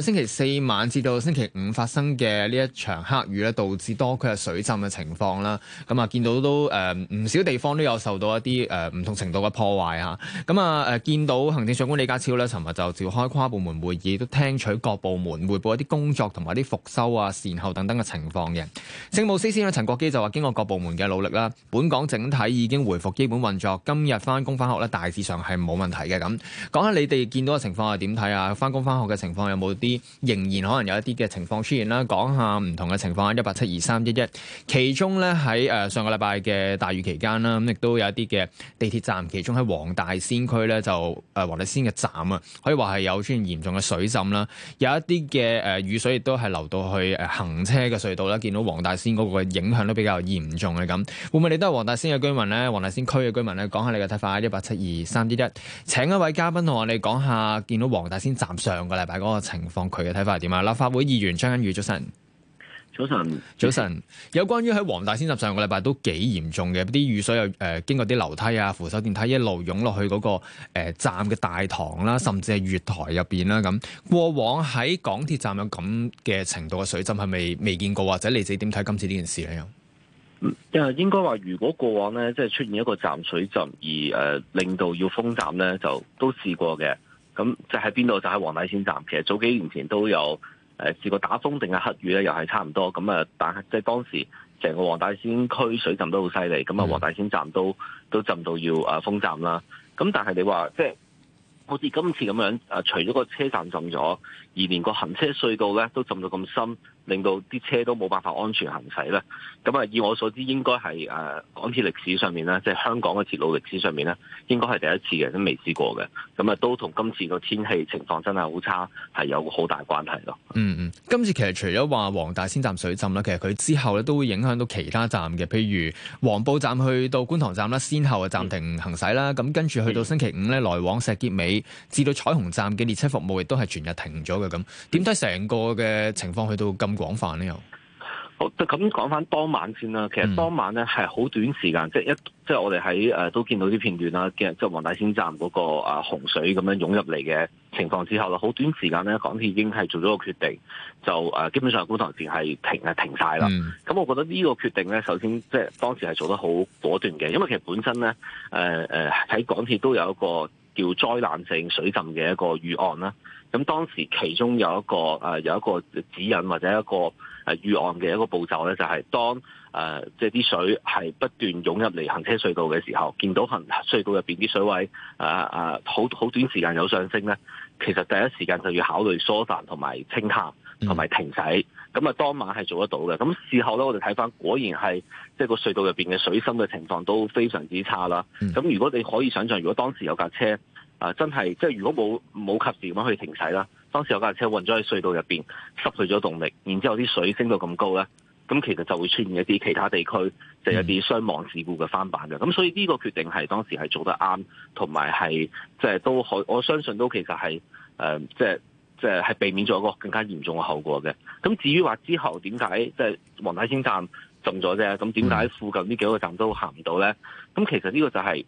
星期四晚至到星期五發生嘅呢一場黑雨咧，導致多區嘅水浸嘅情況啦。咁啊，見到都誒唔、呃、少地方都有受到一啲誒唔同程度嘅破壞嚇。咁啊誒，見到行政長官李家超咧，尋日就召開跨部門會議，都聽取各部門彙報一啲工作同埋啲復修啊、善後等等嘅情況嘅。政務司司長陳國基就話：經過各部門嘅努力啦，本港整體已經回復基本運作，今日翻工翻學咧大致上係冇問題嘅。咁講下你哋見到嘅情況係點睇啊？翻工翻學嘅情況有冇啲？仍然可能有一啲嘅情況出現啦，講下唔同嘅情況。一八七二三一一，其中咧喺誒上個禮拜嘅大雨期間啦，咁亦都有一啲嘅地鐵站，其中喺黃大仙區咧就誒黃大仙嘅站啊，可以話係有出現嚴重嘅水浸啦，有一啲嘅誒雨水亦都係流到去誒行車嘅隧道啦，見到黃大仙嗰個影響都比較嚴重嘅咁。會唔會你都係黃大仙嘅居民咧？黃大仙區嘅居民咧，講下你嘅睇法。一八七二三一一，請一位嘉賓同我哋講下，見到黃大仙站上個禮拜嗰個情況。佢嘅睇法係點啊？立法會議員張欣宇，早晨，早晨，早晨，早晨。有關於喺黃大仙站上個禮拜都幾嚴重嘅，啲雨水又誒、呃、經過啲樓梯啊扶手電梯一路湧落去嗰、那個誒、呃、站嘅大堂啦、啊，甚至係月台入邊啦。咁過往喺港鐵站有咁嘅程度嘅水浸係咪未見過、啊？或者你自己點睇今次呢件事呢？又因為應該話，如果過往呢，即係出現一個站水浸而誒、呃、令到要封站呢，就都試過嘅。咁即係喺邊度，就喺黃大仙站。其實早幾年前都有誒、呃、試過打風定係黑雨咧，又係差唔多咁啊！但係即係當時成個黃大仙區水浸都好犀利，咁啊黃大仙站都都浸到要、啊、封站啦。咁但係你話即係好似今次咁樣、啊、除咗個車站浸咗，而連個行車隧道咧都浸到咁深。令到啲車都冇辦法安全行駛啦。咁啊，以我所知應該係誒港鐵歷史上面咧，即係香港嘅鐵路歷史上面咧，應該係第一次嘅，都未試過嘅。咁啊，都同今次個天氣情況真係好差，係有好大關係咯。嗯嗯，今次其實除咗話黃大仙站水浸啦，其實佢之後咧都會影響到其他站嘅，譬如黃埔站去到觀塘站咧，先後就暫停行駛啦。咁、嗯、跟住去到星期五咧、嗯，來往石峽尾至到彩虹站嘅列車服務亦都係全日停咗嘅咁。點解成個嘅情況去到咁？廣泛呢又，好咁講翻當晚先啦。其實當晚咧係好短時間，嗯、即係一即係我哋喺誒都見到啲片段啦。即係黃大仙站嗰、那個啊、呃、洪水咁樣湧入嚟嘅情況之後啦，好短時間咧，港鐵已經係做咗個決定，就誒、呃、基本上觀塘線係停啊停晒啦。咁、嗯、我覺得呢個決定咧，首先即係當時係做得好果斷嘅，因為其實本身咧誒誒喺港鐵都有一個叫災難性水浸嘅一個預案啦。咁當時其中有一個有一個指引或者一個誒預案嘅一個步驟咧、呃，就係當誒即係啲水係不斷湧入嚟行車隧道嘅時候，見到行隧道入邊啲水位誒誒好好短時間有上升咧，其實第一時間就要考慮疏散同埋清卡同埋停駛。咁啊，當晚係做得到嘅。咁事後咧，我哋睇返，果然係即係個隧道入邊嘅水深嘅情況都非常之差啦。咁、嗯、如果你可以想象，如果當時有架車，啊！真係，即係如果冇冇及時咁樣去停駛啦，當時有架車混咗喺隧道入邊，失去咗動力，然之後啲水升到咁高咧，咁其實就會出現一啲其他地區即係、就是、一啲傷亡事故嘅翻版嘅。咁所以呢個決定係當時係做得啱，同埋係即係都可以，我相信都其實係誒、呃、即係即係避免咗一個更加嚴重嘅後果嘅。咁至於話之後點解即係黃大仙站浸咗啫？咁點解附近呢幾個站都行唔到咧？咁其實呢個就係、是。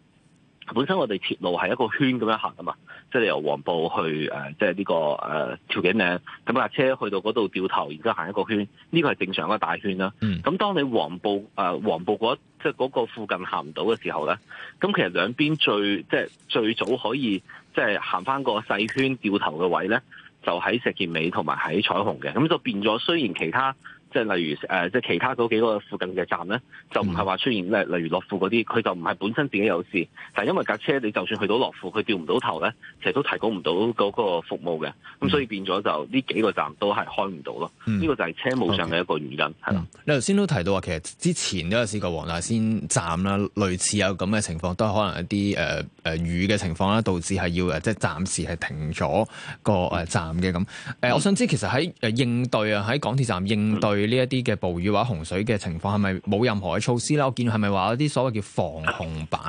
本身我哋鐵路係一個圈咁樣行啊嘛，即係由黃埔去即係呢個誒，調、呃、景嶺，咁架車去到嗰度掉頭，而家行一個圈，呢、這個係正常嘅大圈啦。咁、嗯、當你黃埔誒、呃、黃埔嗰即係嗰個附近行唔到嘅時候咧，咁其實兩邊最即係最早可以即係行返個細圈掉頭嘅位咧，就喺石硤尾同埋喺彩虹嘅，咁就變咗雖然其他。即係例如誒、即係其他嗰幾個附近嘅站咧，就唔係話出現咧，例如樂富嗰啲，佢就唔係本身自己有事，但係因為架車你就算去到樂富，佢調唔到頭咧，其實都提供唔到嗰個服務嘅，咁所以變咗就呢幾個站都係開唔到咯。呢、嗯這個就係車務上嘅一個原因，嗯、okay，你頭先都提到話，其實之前都有試過黃大仙站啦，類似有咁嘅情況，都係可能一啲、呃、雨嘅情況啦，導致係要即係暫時係停咗個站嘅咁、呃。我想知其實喺應應對啊，喺港鐵站應對。嗯對呢一啲嘅暴雨或者洪水嘅情況，係咪冇任何嘅措施咧？我見係咪話有啲所謂叫防洪板？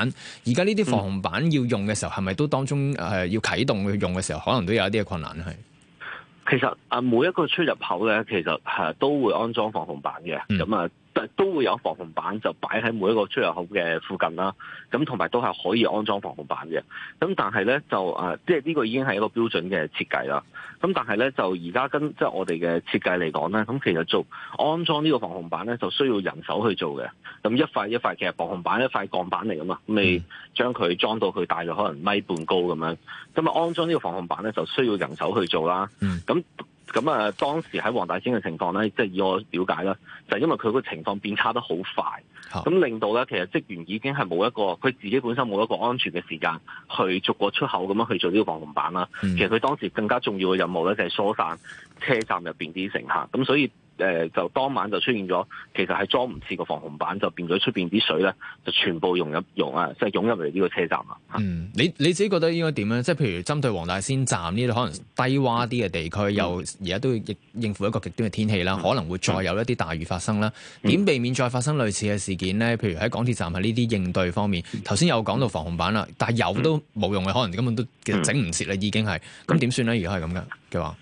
而家呢啲防洪板要用嘅時候，係咪都當中誒要啟動用嘅時候，可能都有一啲嘅困難咧？係其實啊，每一個出入口咧，其實係都會安裝防洪板嘅，咁啊。都會有防洪板就擺喺每一個出入口嘅附近啦，咁同埋都係可以安裝防洪板嘅。咁但係呢，就誒，即係呢個已經係一個標準嘅設計啦。咁但係呢，就而家跟即係我哋嘅設計嚟講呢，咁其實做安裝呢個防洪板呢，就需要人手去做嘅。咁一塊一塊嘅防洪板，一塊鋼板嚟㗎嘛，你將佢裝到佢大約可能米半高咁樣，咁啊安裝呢個防洪板呢，就需要人手去做啦。咁啊，當時喺黃大仙嘅情況咧，即係以我了解啦，就係因為佢個情況變差得好快，咁令到咧其實職員已經係冇一個佢自己本身冇一個安全嘅時間去逐個出口咁樣去做呢個防洪板啦。其實佢當時更加重要嘅任務咧，就係疏散車站入邊啲乘客。咁所以。誒、呃、就當晚就出現咗，其實係裝唔切個防洪板，就變咗出邊啲水咧，就全部融入融啊，即係湧入嚟呢個車站啊。嗯，你你自己覺得應該點樣？即係譬如針對黃大仙站呢度，可能低窪啲嘅地區，嗯、又而家都要應付一個極端嘅天氣啦、嗯，可能會再有一啲大雨發生啦。點、嗯、避免再發生類似嘅事件咧？譬如喺港鐵站喺呢啲應對方面，頭先有講到防洪板啦，但係有都冇用嘅，可能根本都整唔切啦，已經係咁點算咧？而家係咁嘅。嗯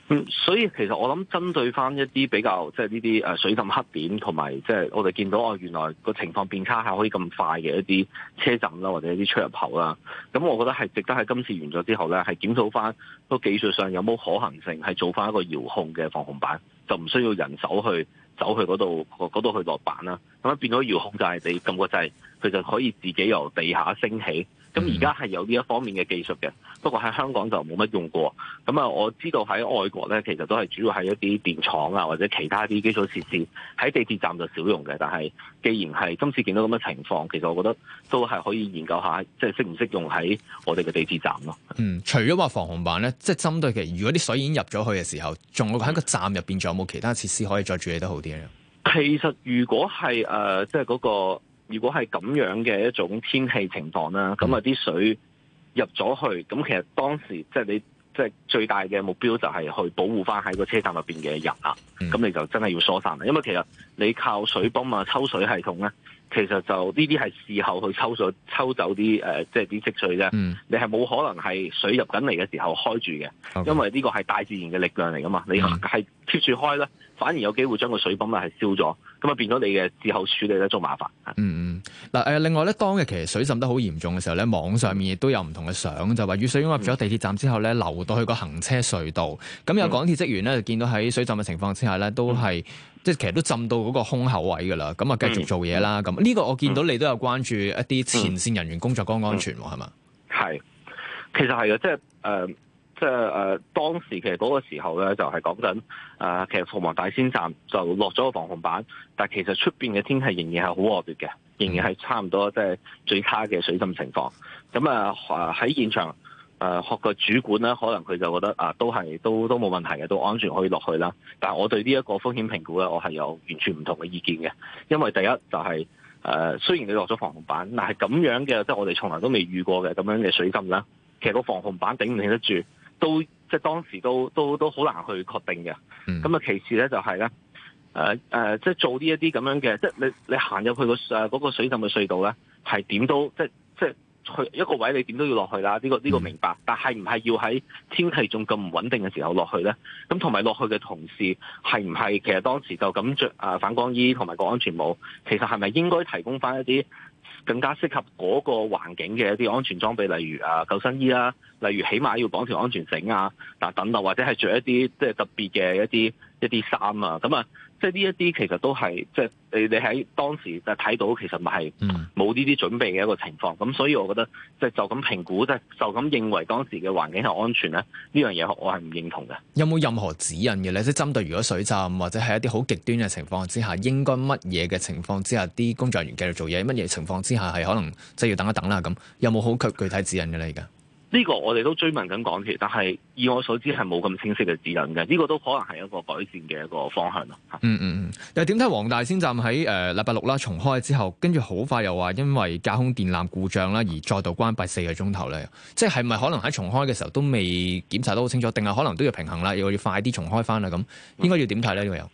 嗯，所以其實我諗針對翻一啲比較即係呢啲水浸黑點，同埋即係我哋見到哦、啊，原來個情況變差下可以咁快嘅一啲車站啦，或者一啲出入口啦，咁我覺得係值得喺今次完咗之後咧，係檢討翻個技術上有冇可行性係做翻一個遙控嘅防洪板，就唔需要人手去走去嗰度嗰度去落板啦。咁變咗遙控就係你撳個掣，佢就可以自己由地下升起。咁而家係有呢一方面嘅技術嘅，不過喺香港就冇乜用過。咁啊，我知道喺外國咧，其實都係主要係一啲電廠啊，或者其他啲基礎設施喺地鐵站就少用嘅。但係，既然係今次見到咁嘅情況，其實我覺得都係可以研究下，即係適唔適用喺我哋嘅地鐵站咯。嗯，除咗話防洪板咧，即係針對其實，如果啲水已經入咗去嘅時候，仲會喺個站入面，仲有冇其他設施可以再處理得好啲咧？其實，如果係誒，即係嗰個。如果係咁樣嘅一種天氣情況啦，咁嗰啲水入咗去，咁其實當時即係你即係最大嘅目標就係去保護翻喺個車站入邊嘅人啦，咁你就真係要疏散啦，因為其實你靠水泵啊抽水系統咧。其實就呢啲係事後去抽水抽走啲即係啲積水啫、嗯？你係冇可能係水入緊嚟嘅時候開住嘅，okay。因為呢個係大自然嘅力量嚟噶嘛。你係貼住開咧，反而有機會將個水泵啊係燒咗，咁啊變咗你嘅事後處理咧就麻煩。嗯嗯。嗱誒，另外咧，當日其實水浸得好嚴重嘅時候咧，網上面亦都有唔同嘅相，就話雨水湧入咗地鐵站之後咧，流到去個行車隧道。咁有港鐵職員咧，就見到喺水浸嘅情況之下咧，都係。嗯即係其實都浸到嗰個胸口位噶啦，咁啊繼續做嘢啦。咁、嗯、呢、這個我見到你都有關注一啲前線人員工作安唔安全喎？係、嗯、嘛？係，其實係啊。即係誒，即係誒，當時其實嗰個時候咧就係講緊誒，其實黃大仙站就落咗個防洪板，但係其實出邊嘅天氣仍然係好惡劣嘅，仍然係差唔多即係最差嘅水浸情況。咁啊喺現場。誒、呃、學個主管咧，可能佢就覺得啊，都係都都冇問題嘅，都安全可以落去啦。但係我對呢一個風險評估咧，我係有完全唔同嘅意見嘅。因為第一就係、是、誒、呃，雖然你落咗防洪板，但係咁樣嘅即係我哋從來都未遇過嘅咁樣嘅水浸啦。其實個防洪板頂唔頂得住，都即係當時都都都好難去確定嘅。咁、嗯、啊，其次咧就係、是、咧，誒即係做呢一啲咁樣嘅，即係你你行入去、嗰個水浸嘅隧道咧，係點都即係去一個位你點都要落去啦，呢個呢個明白。但係唔係要喺天氣仲咁唔穩定嘅時候落去呢？咁同埋落去嘅同時，係唔係其實當時就咁着啊反光衣同埋個安全帽？其實係咪應該提供翻一啲更加適合嗰個環境嘅一啲安全裝備，例如啊救生衣啦，例如起碼要綁條安全繩啊，嗱等等，或者係着一啲即係特別嘅一啲。一啲衫啊，咁啊，即係呢一啲其實都係即係你你喺當時就睇到，其實咪係冇呢啲準備嘅一個情況。咁所以我覺得即係就咁評估，即係就咁認為當時嘅環境係安全咧，呢樣嘢我係唔認同嘅。有冇任何指引嘅咧？即係針對如果水浸或者係一啲好極端嘅情況之下，應該乜嘢嘅情況之下，啲工作人員繼續做嘢？乜嘢情況之下係可能即係要等一等啦？咁有冇好具具體指引嘅咧？而家？呢個我哋都追問緊港鐵，但係以我所知係冇咁清晰嘅指引嘅，呢個都可能係一個改善嘅一個方向咯。嗯嗯嗯。又點睇黃大仙站喺誒禮拜六啦重開之後，跟住好快又話因為架空電纜故障啦而再度關閉四個鐘頭咧，即係咪可能喺重開嘅時候都未檢查得好清楚，定係可能都要平衡啦，又要快啲重開翻啦，咁應該要點睇咧？嗯，呢個又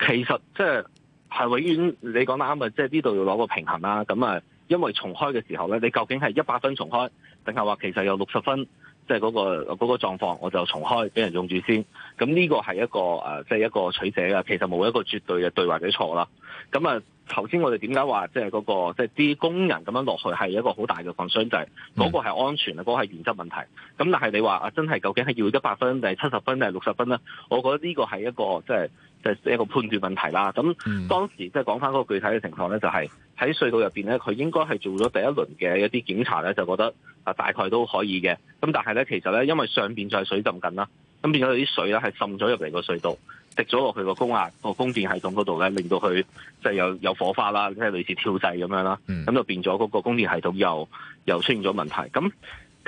其實即係係永遠你講得啱啊！即係呢度要攞個平衡啦，咁啊。因為重開嘅時候咧，你究竟係一百分重開，定係話其實有六十分，即係嗰個嗰個狀況，我就重開俾人用住先。咁呢個係一個誒，即係一個取捨嘅，其實冇一個絕對嘅對或者錯啦。咁啊。頭先我哋點解話即係嗰個即係啲工人咁樣落去係一個好大嘅風險，就係嗰個係安全啊，嗰、mm. 個係原則問題。咁但係你話啊，真係究竟係要一百分定係七十分定係六十分咧？我覺得呢個係一個即係即係一個判斷問題啦。咁、mm. 當時即係講翻嗰個具體嘅情況咧，就係、是、喺隧道入面咧，佢應該係做咗第一輪嘅一啲檢查咧，就覺得啊大概都可以嘅。咁但係咧，其實咧，因為上面再水浸緊啦，咁變咗啲水咧係滲咗入嚟個隧道。食咗落去個高壓個供電系統嗰度咧，令到佢即係有有火花啦，即係類似跳掣咁樣啦。咁就變咗嗰個供電系統又又出現咗問題。咁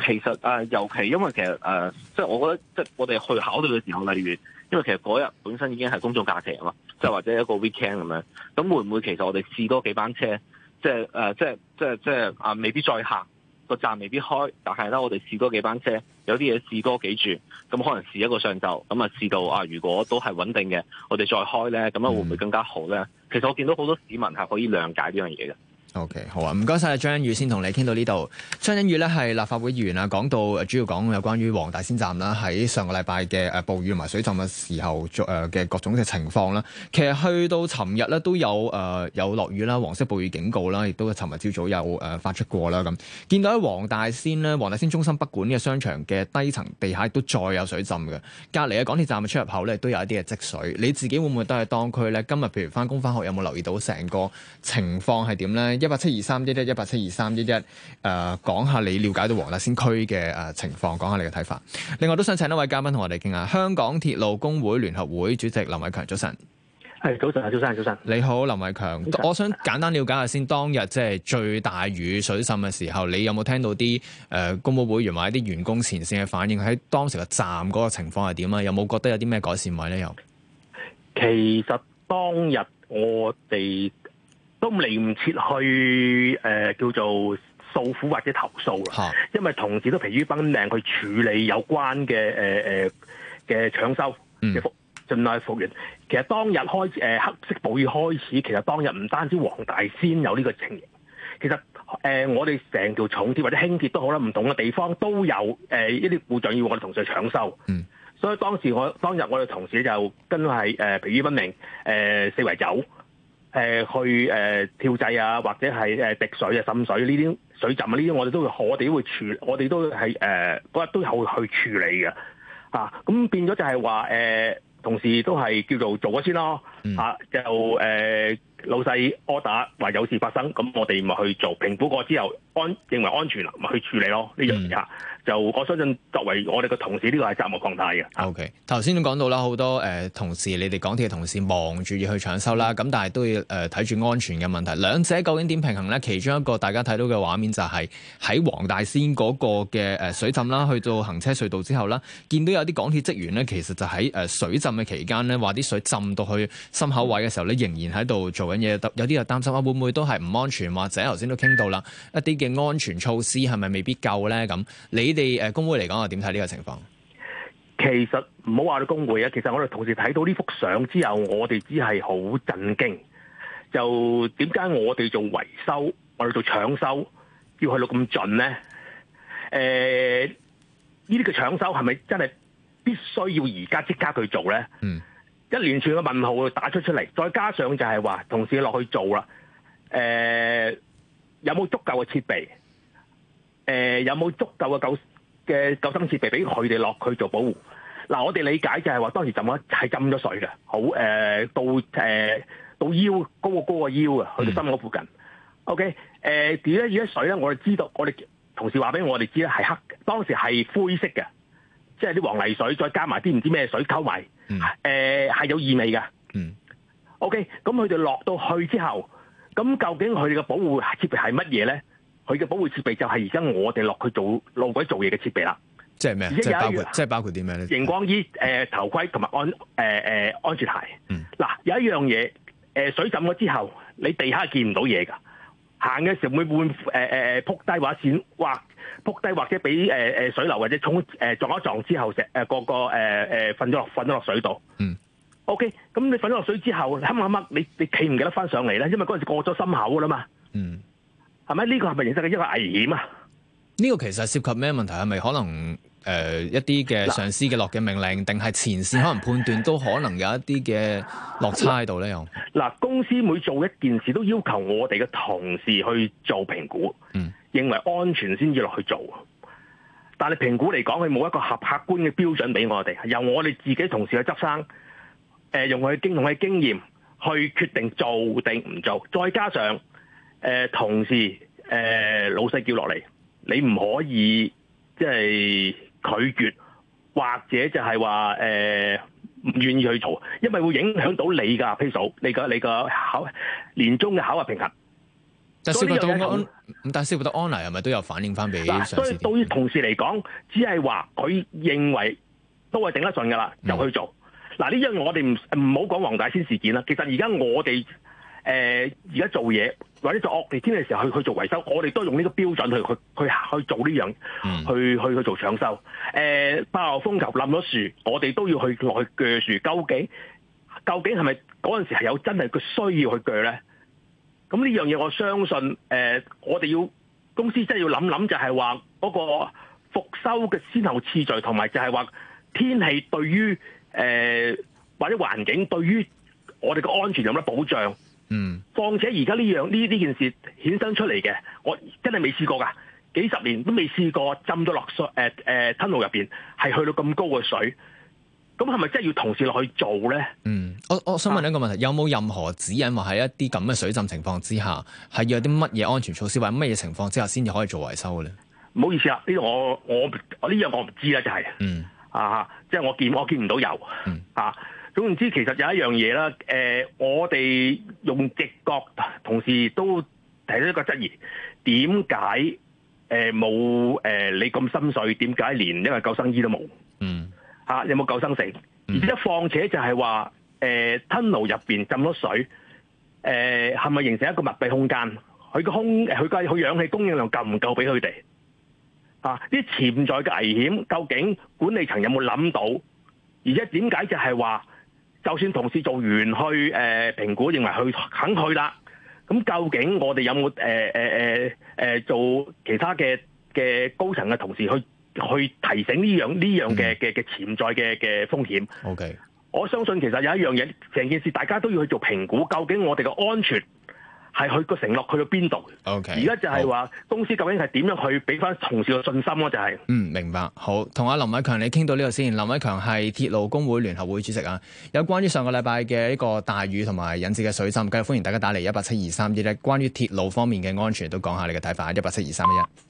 其實尤其因為其實誒，即係我覺得即係、呃、我哋去考慮嘅時候，例如因為其實嗰日本身已經係公眾假期啊嘛，即係或者一個 weekend 咁樣，咁會唔會其實我哋試多幾班車，即係、呃、即係即係即係啊，未必再行？個站未必開，但係咧，我哋試多幾班車，有啲嘢試多幾轉，咁可能試一個上晝，咁啊試到啊，如果都係穩定嘅，我哋再開呢，咁啊會唔會更加好呢？其實我見到好多市民係可以諒解呢樣嘢嘅。O.K. 好啊，唔該曬張欣宇先，先同你傾到呢度。張欣宇咧係立法會議員啊，講到主要講有關於黃大仙站啦，喺上個禮拜嘅暴雨同埋水浸嘅時候，嘅、呃、各種嘅情況啦。其實去到尋日咧都有、呃、有落雨啦，黃色暴雨警告啦，亦都尋日朝早有誒、呃、發出過啦。咁見到喺黃大仙咧，黃大仙中心北館嘅商場嘅低層地下都再有水浸嘅，隔離嘅港鐵站嘅出入口咧都有一啲嘅積水。你自己會唔會都係當區咧？今日譬如返工返學有冇留意到成個情況係點咧？172 31, 172 31, 呃、一八七二三一一一八七二三一一，誒講下你了解到黃大仙區嘅誒、呃、情況，講下你嘅睇法。另外都想請一位嘉賓同我哋傾下，香港鐵路工會聯合會主席林偉強，早晨。係早晨啊，早晨，早晨。你好，林偉強。我想簡單了解一下先，當日即係最大雨水浸嘅時候，你有冇聽到啲誒、呃、工務會員或者啲員工前線嘅反應？喺當時嘅站嗰個情況係點啊？有冇覺得有啲咩改善位咧？有。其實當日我哋。都嚟唔切去誒、呃、叫做訴苦或者投訴啦，因為同事都疲於奔命去處理有關嘅誒嘅搶修。嘅量盡快復原。其實當日開始、呃，黑色暴雨開始，其實當日唔單止黃大仙有呢個情形，其實誒、呃、我哋成條重鐵或者輕鐵都好啦，唔同嘅地方都有誒、呃、一啲故障要我哋同事去搶修、嗯。所以當時我當日我哋同事就真係誒疲於奔命誒四圍走。誒、呃、去誒、呃、跳掣啊，或者係誒、呃、滴水啊、滲水呢啲水浸啊，呢啲我哋都會我哋都會處理，我哋都係誒嗰日都有去處理嘅嚇。咁、啊、變咗就係話誒，同時都係叫做做咗先咯嚇、啊。就誒、呃、老細柯打話有事發生，咁我哋咪去做，評估過之後安認為安全啦，咪去處理咯呢樣嘢嚇。就我相信，作為我哋嘅同事個，呢個係責無旁貸嘅。O K，頭先都講到啦，好多誒同事，你哋港鐵嘅同事忙住要去搶修啦，咁但係都要誒睇住安全嘅問題，兩者究竟點平衡咧？其中一個大家睇到嘅畫面就係喺黃大仙嗰個嘅誒水浸啦，去到行車隧道之後啦，見到有啲港鐵職員咧，其實就喺誒水浸嘅期間咧，話啲水浸到去心口位嘅時候咧，仍然喺度做緊嘢，有啲就擔心啊，會唔會都係唔安全，或者頭先都傾到啦，一啲嘅安全措施係咪未必夠咧？咁你？你哋誒工會嚟講，又點睇呢個情況？其實唔好話到工會啊，其實我哋同事睇到呢幅相之後，我哋只係好震驚。就點解我哋做維修，我哋做搶修要去到咁盡咧？誒、呃，呢啲嘅搶修係咪真係必須要而家即刻去做咧？嗯，一連串嘅問號打出出嚟，再加上就係話同事落去做啦。誒、呃，有冇足夠嘅設備？誒、呃，有冇足夠嘅救嘅救生設備俾佢哋落去做保護？嗱、呃，我哋理解就係話當時浸咗係浸咗水嘅，好誒、呃，到誒、呃、到腰高過腰啊，去到心海附近。O K，誒，點、okay, 咧、呃？而家水咧，我哋知道，我哋同事話俾我哋知咧，係黑，當時係灰色嘅，即係啲黃泥水再加埋啲唔知咩水，溝、呃、埋，誒，係有異味嘅。嗯。O K，咁佢哋落到去之後，咁究竟佢哋嘅保護設備係乜嘢咧？佢嘅保護設備就係而家我哋落去做路軌做嘢嘅設備啦。即係咩？即係包括、啊、即係包括啲咩咧？螢光衣、誒、嗯呃、頭盔同埋安誒誒、呃、安全鞋。嗱、嗯、有一樣嘢，誒、呃、水浸咗之後你地下見唔到嘢㗎。行嘅時候會換誒誒撲低或者或撲低或者俾誒誒水流或者衝誒、呃、撞一撞之後成誒個個誒誒瞓咗落瞓咗落水度。嗯。O K，咁你瞓咗落水之後，黑黑乜你你企唔記得翻上嚟咧？因為嗰陣時過咗心口㗎啦嘛。嗯。係咪呢個係咪認識嘅一個危險啊？呢、呢個其實涉及咩問題？係咪可能、呃、一啲嘅上司嘅落嘅命令，定係前線可能判斷都可能有一啲嘅落差喺度咧？用嗱公司每做一件事都要求我哋嘅同事去做評估，嗯，認為安全先至落去做。但係評估嚟講，佢冇一個合客觀嘅標準俾我哋，由我哋自己同事去執生，誒、呃、用佢經同佢經驗去決定做定唔做，再加上。誒、呃、同事誒、呃、老細叫落嚟，你唔可以即係、就係、拒絕，或者就係話誒唔願意去做，因為會影響到你㗎，批數你個你個考年終嘅考核評級。但係斯伯德安，咁但係斯伯安尼係咪都有反映翻俾上司？所以對於同事嚟講，只係話佢認為都係頂得順㗎啦，就去做。嗱呢樣我哋唔唔好講黃大仙事件啦。其實而家我哋誒而家做嘢。或者就惡劣天氣時候去去做維修，我哋都用呢個標準去去去去做呢樣，去去去做搶修。誒，爆風球冧咗樹，我哋都要去落去鋸樹，究竟究竟係咪嗰陣時係有真係嘅需要去鋸咧？咁呢樣嘢我相信誒、呃，我哋要公司真係要諗諗，就係話嗰個復修嘅先後次序，同埋就係話天氣對於誒、呃、或者環境對於我哋嘅安全有咩保障？嗯，況且而家呢樣呢呢件事衍生出嚟嘅，我真係未試過噶，幾十年都未試過浸咗落水誒誒，吞路入邊係去到咁高嘅水，咁係咪真係要同時落去做咧？嗯，我我想問一個問題，啊、有冇任何指引話喺一啲咁嘅水浸情況之下，係要有啲乜嘢安全措施，或者乜嘢情況之下先至可以做維修咧？唔好意思啦，呢個我我呢樣我唔知啦，就係嗯啊，即係我見我見唔到油，嗯啊。總然之，其實有一樣嘢啦，誒，我哋用直覺同時都提出一個質疑，點解誒冇誒你咁深水？點解連一個救生衣都冇？嗯，吓有冇救生繩？而且況且就係話，誒，tunnels 入邊浸咗水，誒，係咪形成一個密閉空間？佢個空佢個佢氧氣供應量夠唔夠俾佢哋？啊，啲潛在嘅危險究竟管理層有冇諗到？而且點解就係話？就算同事做完去誒評估，認為去肯去啦，咁究竟我哋有冇誒誒誒誒做其他嘅嘅高層嘅同事去去提醒呢樣呢樣嘅嘅嘅潛在嘅嘅風險？OK，我相信其實有一樣嘢，成件事大家都要去做評估，究竟我哋嘅安全。係佢個承諾去到邊度？O K，而家就係話公司究竟係點樣去俾翻同事個信心咯？就係嗯，明白。好，同阿林偉強你傾到呢度先。林偉強係鐵路工會聯合會主席啊。有關於上個禮拜嘅一個大雨同埋引致嘅水浸，繼續歡迎大家打嚟一八七二三一一，關於鐵路方面嘅安全都講下你嘅睇法。一八七二三一一。